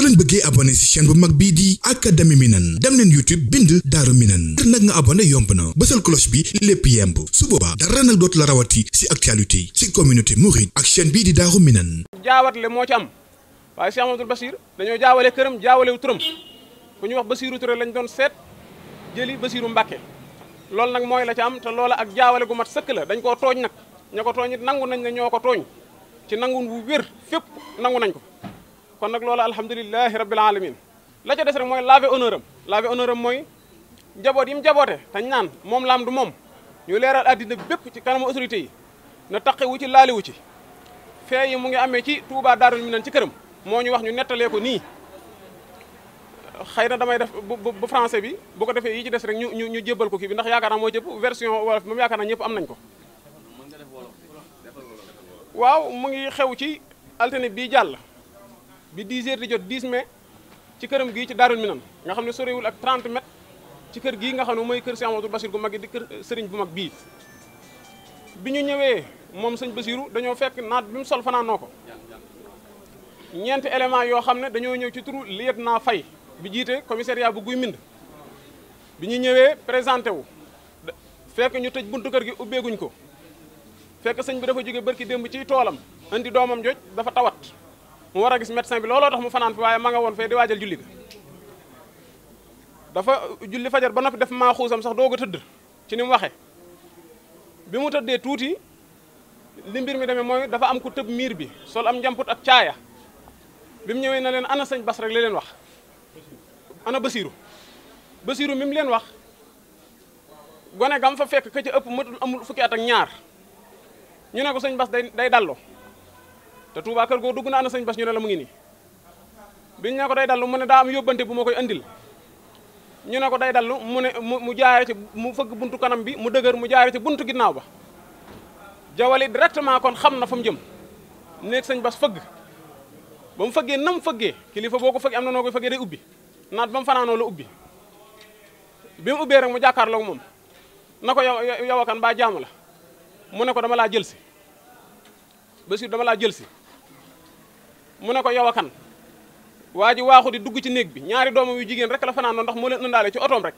soo bëggee abonné ci chaîne bu mag bii di académie Minane dem leen YouTube bind Daaru Minane ngir nag nga abonné yomb na bësal cloche bi lépp yemb su boobaa dara nag dootu la rawati ci actualité ci communauté mouride ak chaîne bii di Daaru Minane jaawatle moo ci am waaye Cheikh Amadou Bassir dañoo jaawale këram jaawalewu turam ku ñuy wax Bassirou Touré lañ doon seet jëli Bassirou Mbacké loolu nag mooy la ci am te loola ak jaawale gu mat sëkk la dañ koo tooñ nag ña ko tooñ it nangu nañ ne ñoo ko tooñ ci nangu wu wér fépp nangu nañ ko kon nag loolu alhamdulilahi rabbil alamin la ca des rek mooy laver honneur am laver honneur am mooy njaboot yi mu jaboote tañ naan moom laam du moom ñu leeral addina bépp ci kanamu autorité yi na taqewu ci laaliwu ci fee yi mu ngi amee ci Touba Daarul Minan ci këram moo ñu wax ñu nettalee ko nii xëy na damay def bu français bi bu ko defee yi ci des rek ñu ñu jébbal ko ki bi ndax yaakaar naa mooy jëpp version wolof moom yaakaar naa ñëpp am nañ ko waaw mu ngi xew ci altine bii jàll bi 10 heures di jot 10 mai ci këram gii ci Daarul Minan nga xam ne sorewul ak 30 mètres ci kër gii nga xam ne mooy kër Cheikh Amadou Bassir gu mag yi di kër eh, sëriñ bu mag bii bi ñu ñëwee moom sëñ Bassirou dañoo fekk naat bi mu sol fanaanoo ko ñeenti élément yoo xam ne dañoo ñëw ci turu liet naa fay bi jiite commissariat bu guy mind bi ñu ñëwee présenté wu fekk ñu tëj buntu kër gi ubbeeguñ ko fekk sëñ bi dafa jóge bërki démb ci toolam andi doomam joj dafa tawat mu war a gis médecin bi looloo tax mu fanaan fi waaye ma nga woon fee di waajal julli ga dafa julli fajar ba noppi def maa xuusam sax doo a tëdd ci ni mu waxee bi mu tëddee tuuti li mbir mi demee mooy dafa am ku tëb miir bi sol am njamput ak caaya bi mu ñëwee na leen ana sëñ bas rek li leen wax ana basiiru basiiru mi mu leen wax gone gam fa fekk ka ëpp matul amul fukki at ak ñaar ñu ne ko sëñ bas day day dallo te Touba kër goo dugg naa na sëñ Bass ñu ne la mu ngi nii biñ ne ko day dallu mu ne daa am yóbbante bu ma koy andil ñu ne ko day dallu mu ne mu jaare ci mu fëgg buntu kanam bi mu dëgër mu jaare ci buntu ginnaaw ba jawali directement kon xam na fa mu jëm nekk sëñ Bass fëgg ba mu fëggee nam fëggee kilifa boo ko fëggee am na noo koy fëggee day ubbi naat ba mu fanaanoo la ubbi bi mu ubbee rek mu jàkkaarloog moom na ko yow yow akan baa jaamu la mu ne ko dama laa jël si ba dama laa jël si mu ne ko yow a kan waa ji waaxu di dugg ci néeg bi ñaari doomam yu jigéen rek la fanaanoo ndax moo leen ëndaale ci otoom rek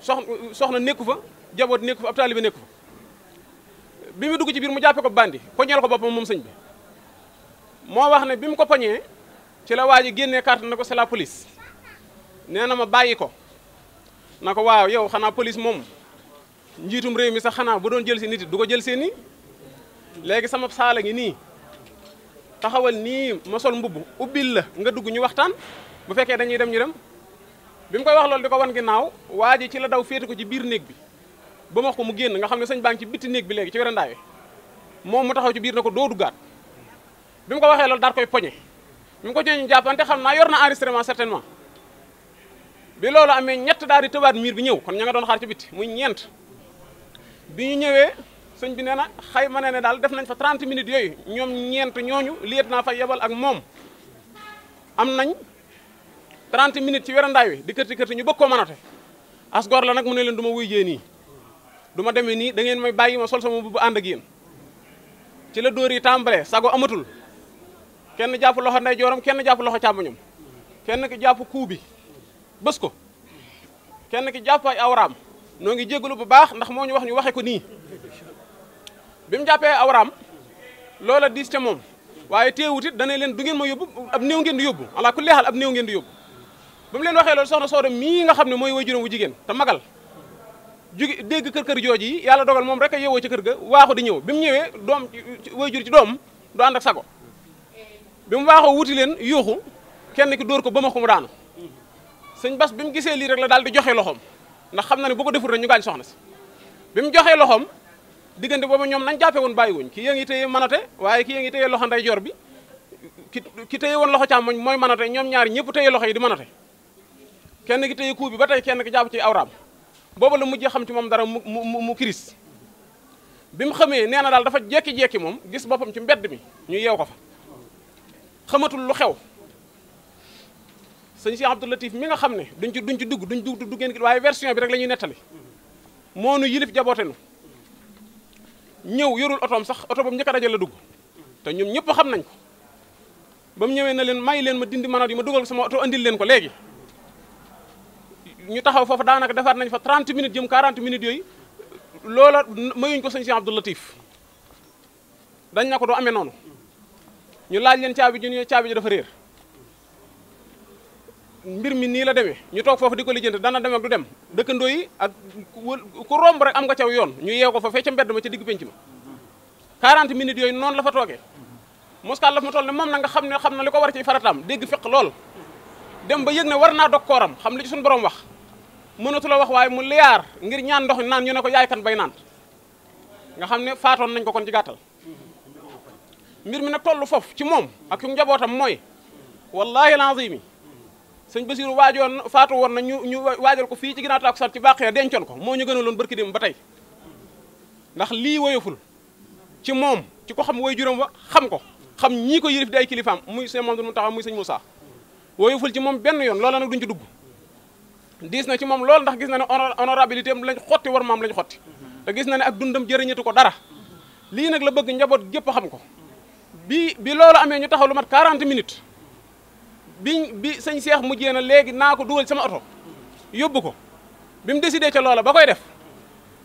sox soxna nekku fa jaboot nekku fa ab taalibe nekku fa bi ci biir mu jàppe ko bandi poñeel ko boppam moom sëñ bi wax ne bi mu ko ci la waa ji génnee carte na la police nee na ma bàyyi ko na ko waaw yow xanaa police moom njiitum réew mi sax xanaa bu doon jël nit du ko jël see nii léegi sama saala ngi nii taxawal nii ma sol mbubb ubbil la nga dugg ñu waxtaan bu fekkee dañuy dem ñu dem bi mu koy wax loolu di ko wan ginnaaw waa ji ci la daw féete ko ci biir néeg bi ba ma wax ko mu génn nga xam ne sañ baa ngi ci bitti néeg bi léegi ci werandaay moom mu taxaw ci biir na ko doo duggaat bi ko waxee loolu daal koy poñe bi ko joñu jàppante xam naa yor na enregistrement certainement bi loolu amee ñett daal di tëbaat miir bi ñëw kon ña nga doon xaar ci bitti muy ñeent bi ñu ñëwee sëñ bi nee na ma ne ne daal def nañ fa trent minutes yooyu ñoom ñeent ñooñu liet naa fa yebal ak moom am nañ 30 minutes ci werandaay wi di kërti kërti ñu bëgg koo mënate as gor la nag mu ne leen du ma wuy jee nii du ma demee nii da ngeen may bàyyi ma sol sama bu ànd ak yéen ci la dóor yi tàmbalee sago amatul kenn jàpp loxo nday jooram kenn jàpp loxo càmmoñam kenn ki jàpp kuu bi bés ko kenn ki jàpp ay awraam noo ngi jégalu bu baax ndax moo ñu wax ñu waxe ko nii bi mu jàppee awraam loola diis ca moom waaye teewut it dana leen du ngeen ma yóbbu ab néew ngeen di yóbbu ala ku leexal ab néew ngeen di yóbbu ba mu leen waxee loolu soxna Sooda mii nga xam ne mooy waajuram wu jigéen te magal jugi dégg kër kër jooji yi yàlla dogal moom rek a yeewoo kër ga waaxu di ñëw bi mu ñëwee doom waajur ci doom du ànd sago bi mu waaxoo wuti leen yuuxu kenn ki dóor ko ba ma ko mu daanu sëñ bas bi mu gisee lii rek la daal di joxe loxoom ndax xam na ne bu ko deful rek ñu gaañ soxna si bi mu joxee loxoom diggante boobu ñoom nañ jàppe woon bàyyiwuñ ki yaa ngi téye manote waaye ki yaa ngi téye loxo ndeyjoor bi ki ki téye woon loxo càmmoñ mooy manote ñoom ñaari ñëpp téye loxo yi di manote kenn ki téye kuu bi ba tey kenn ki jàpp ci awraam boobu la mujjee xam ci moom dara mu mu mu kiris bi mu xamee nee na daal dafa jekki-jekki moom gis boppam ci mbedd mi ñu yeew ko fa xamatul lu xew sëñ si Abdou Latif mi nga xam ne duñ ci duñ ci dugg duñ dugg duggeen ki waaye bi rek la ñuy nettali moo nu yilif jabootenu ñëw yorul otoom sax oto boobu njëkk a dajal la dugg te ñoom ñëpp xam nañ ko ba mu ñëwee na leen may leen ma dindi manoot yi ma dugal sama oto andil leen ko léegi ñu taxaw foofu daanaka defaat nañ fa 30 minutes jëm 40 minutes yooyu loola mayuñ ko sëñ si Abdou Latif dañ na ko doo amee noonu ñu laaj leen caabi ji ñu caabi ji dafa réer mbir mi nii la demee ñu toog foofu di ko lijjanti dana dem ak du dem dëkkandoo yi ak ku romb rek am nga caw yoon ñu yeew ko fa fee ca mbedd ma ca digg penc ma 40 minutes yooyu noonu la fa toogee Mouscal la fa mu toll ne moom na nga xam ne xam na li ko war ci farataam dégg feq lool dem ba yëg ne war naa dog kooram xam li ci borom wax mënatu la wax waaye mu liyaar ngir ñaan ndox naan ñu ne ko yaay kan bay naan nga xam ne faatoon nañ ko kon ci gàttal mbir mi nag toll foofu ci moom ak yu njabootam mooy wallaahi laazim sëñ Basiru waajoon faatu woon na ñu ñu waajal ko fii ci ginnaaw taako sat ci bàq ya dencoon ko moo ñu gënaloon barki dem ba tay ndax lii woyoful ci moom ci ko xam woy juróom wa xam ko xam ñii ko yërif di ay kilifaam muy sëñ Mamadou Mountakha muy sëñ Moussa woyoful ci moom benn yoon loola nag duñ ci dugg diis na ci moom loolu ndax gis na ne honorabilité am lañ xotti war maam lañ xotti te gis na ne ak dundam jëriñatu ko dara lii nag la bëgg njaboot gépp xam ko bi bi loolu amee ñu taxaw lu mat 40 minutes bi bi sëñ Cheikh mujjee na léegi naa ko dugal sama oto yóbbu ko bi mu décidé ca loola ba koy def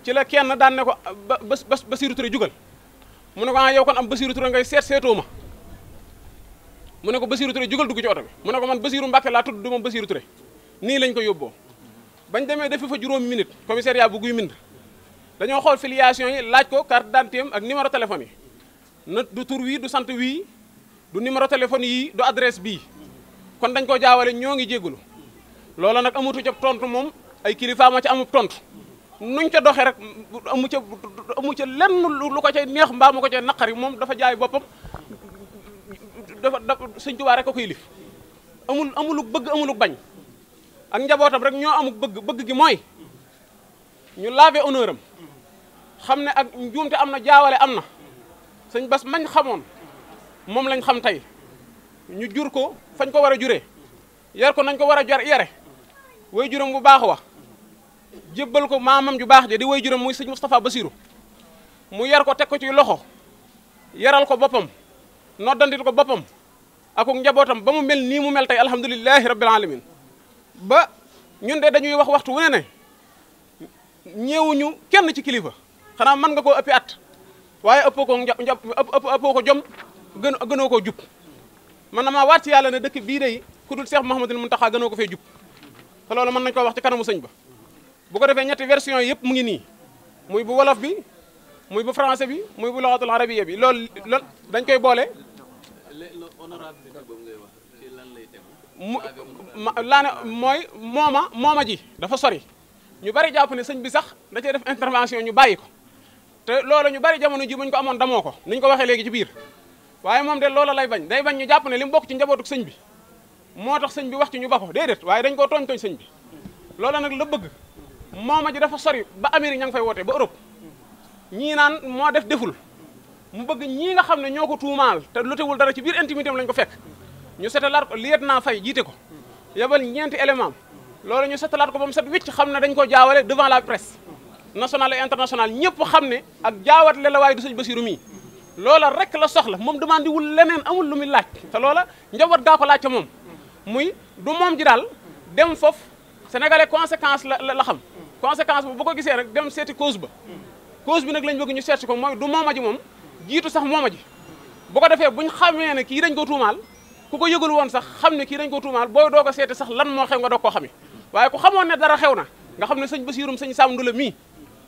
ci la kenn daan ne ko ba ba Basiru Touré jugal mu ne ko ah yow kon am Basiru Touré ngay seet ma mu ne ko Basiru Touré jugal dugg ci oto bi mu ne man Basiru Mbàkke laa tudd du ma Basiru Touré nii lañ ko yóbboo bañ demee defi fa juróomi minute commissariat bu guy mind dañoo xool filiation yi laaj ko carte d'identité ak numéro téléphone yi na du tur wii du sant wii du numéro téléphone yii du adresse bii kon dañ ko jaawale ñoo ngi jégalu loola nag amatu ca tontu moom ay kilifa ma ca amub tont nuñ ca doxee rek amu ca amu ca lenn lu ko ca neex mbaa ko ca naqari moom dafa jaay boppam dafa dafa Sëñ Tuubaa rek a koy lif amul amuluk bëgg amuluk bañ ak njabootam rek ñoo amuk bëgg bëgg gi mooy ñu laver honneur am xam ne ak njuumte am na jaawale am na sëñ bas mañ xamoon moom lañ xam tey ñu jur ko fañ ko war a jure yar ko nañ ko war a jar yare way juróom bu baax wax jébbal ko maamam ju baax ja di way juróom muy sëñ Moustapha Bassirou mu yar ko teg ko ci loxo yaral ko boppam noddandil ko boppam ak njabootam ba mu mel nii mu mel tey alhamdulilahi rabbil alamin ba ñun de dañuy wax waxtu wu ne ne ñëwuñu kenn ci kilifa xanaa mën nga koo ëppi at waaye ëppoo ko ëppoo ko jom gën gënoo koo jub man na maa waat ci yàlla ne dëkk bii day ku dul Cheikh Mouhamadul Mountakha gënoo ko fee jub te loolu mën nañu ko wax ci kanamu sëñ ba bu ko defee ñetti version yëpp mu ngi nii muy bu wolof bi muy bu français bi muy bu loxatul arabiya bi loolu loolu dañ koy boole laa ne mooy mooma mooma ji dafa sori ñu bari jàpp ne sëñ bi sax da cee def intervention ñu bàyyi ko te loolu ñu bari jamono ji buñ ko amoon damoo ko niñ ko waxee léegi ci biir waaye moom de loola lay bañ day bañ ñu jàpp ne li mu bokk ci njabootuk sëñ bi moo tax sëñ bi wax ci ñu ba ko déedéet waaye dañ koo tooñ tooñ sëñ bi loola nag la bëgg mooma ji dafa sori ba Amérique ña ngi fay woote ba Europe ñii naan moo def deful mu bëgg ñii nga xam ne ñoo ko tuumaal te lotewul dara ci biir intimité am lañ ko fekk ñu setalaat ko liet naa fay jiite ko yabal ñeenti élément loolu ñu setalaat ko ba mu set wicc xam ne dañ ko jaawale devant la presse nationale et internationale ñëpp xam ne ak jaawatle la waaye du sëñ Basiru mii loola rek la soxla moom demande wul leneen amul lu muy laaj te loola njaboot gaa ko laaj moom muy du moom ji daal dem foofu sénégalais conséquence la la xam conséquence bu bu ko gisee rek dem seeti cause ba cause bi nag lañ bëgg ñu seet ko mooy du mooma ji moom jiitu sax mooma ji bu ko defee buñ xamee ne kii dañ ko tuumaal ku ko yëgul woon sax xam ne kii dañ ko tuumaal boo doog a seeti sax lan moo xew nga doog koo xame waaye ku xamoon ne dara xew na nga xam ne sëñ Basiirum sëñ Saam Ndula mii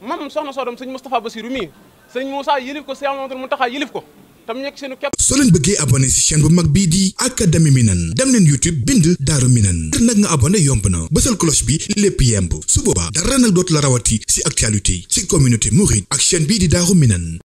moom soxna soo doom sëñ Moustapha Basiiru mii sëñ Moussa ko Cheikh ko tam nekk seenu képp soo leen bëggee abonné ci chaîne bu mag bii di académie Minane dem leen YouTube bind Daaru Minane ngir nag nga abonné yomb na bësal cloche bi lépp yemb su boobaa dara nag dootu la rawati ci actualité ci communauté mouride ak chaîne bii di Daaru Minane